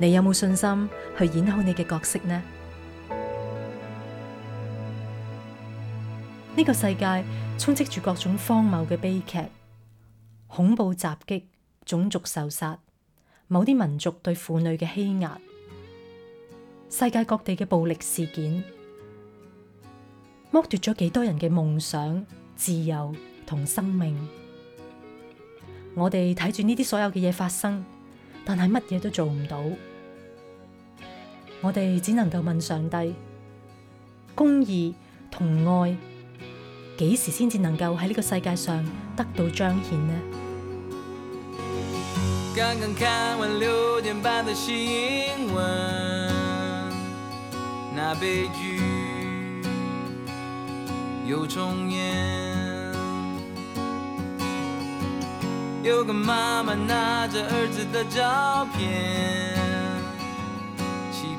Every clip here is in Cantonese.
你有冇信心去演好你嘅角色呢？呢個世界充斥住各種荒謬嘅悲劇、恐怖襲擊、種族仇殺、某啲民族對婦女嘅欺壓、世界各地嘅暴力事件，剝奪咗幾多人嘅夢想、自由同生命。我哋睇住呢啲所有嘅嘢發生，但係乜嘢都做唔到。我哋只能夠問上帝，公義同愛幾時先至能夠喺呢個世界上得到彰顯呢？剛剛看完六點半的新聞，那悲劇又重演，有個媽媽拿著兒子的照片，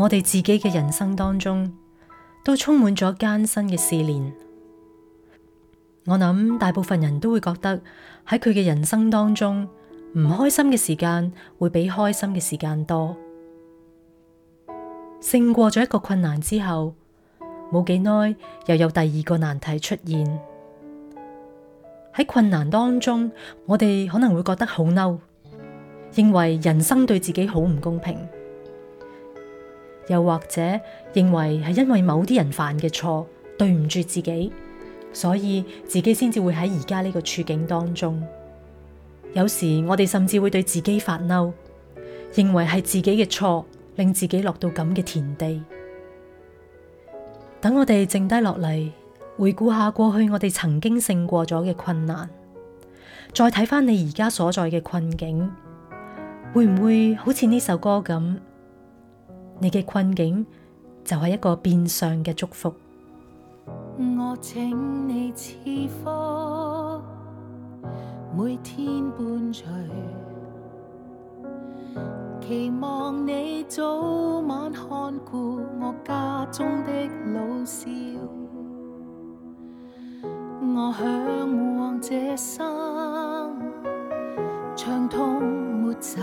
我哋自己嘅人生當中，都充滿咗艱辛嘅試煉。我諗大部分人都會覺得喺佢嘅人生當中，唔開心嘅時間會比開心嘅時間多。勝過咗一個困難之後，冇幾耐又有第二個難題出現。喺困難當中，我哋可能會覺得好嬲，認為人生對自己好唔公平。又或者認為係因為某啲人犯嘅錯對唔住自己，所以自己先至會喺而家呢個處境當中。有時我哋甚至會對自己發嬲，認為係自己嘅錯令自己落到咁嘅田地。等我哋靜低落嚟回顧下過去我哋曾經勝過咗嘅困難，再睇翻你而家所在嘅困境，會唔會好似呢首歌咁？你嘅困境就係一個變相嘅祝福。我請你賜福，每天伴隨，期望你早晚看顧我家中的老少。我向往這生，長痛沒愁。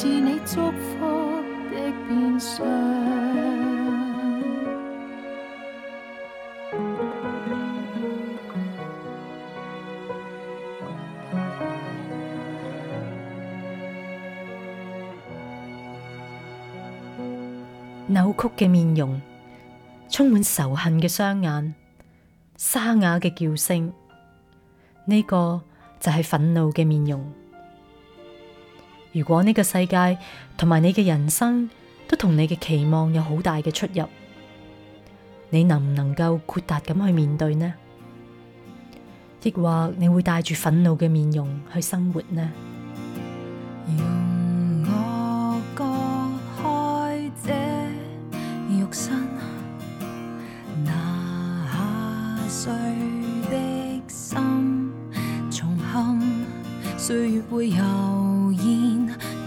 是你祝福的變相扭曲嘅面容，充滿仇恨嘅雙眼，沙啞嘅叫聲，呢個就係憤怒嘅面容。如果呢個世界同埋你嘅人生都同你嘅期望有好大嘅出入，你能唔能夠豁達咁去面對呢？亦或你會帶住憤怒嘅面容去生活呢？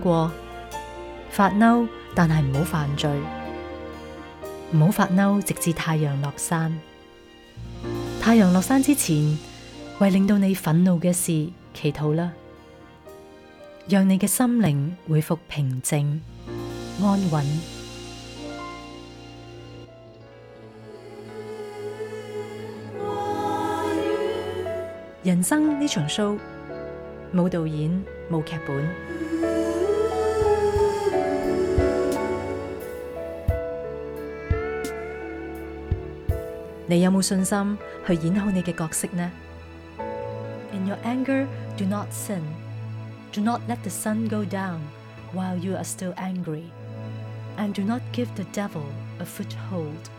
過發嬲，但係唔好犯罪，唔好發嬲，直至太陽落山。太陽落山之前，為令到你憤怒嘅事祈禱啦，讓你嘅心靈回復平靜，安穩。 人生呢場 show，冇導演，冇劇本。你有冇信心去演好你嘅角色呢？In your anger, do not sin. Do not let the sun go down while you are still angry. And do not give the devil a foothold.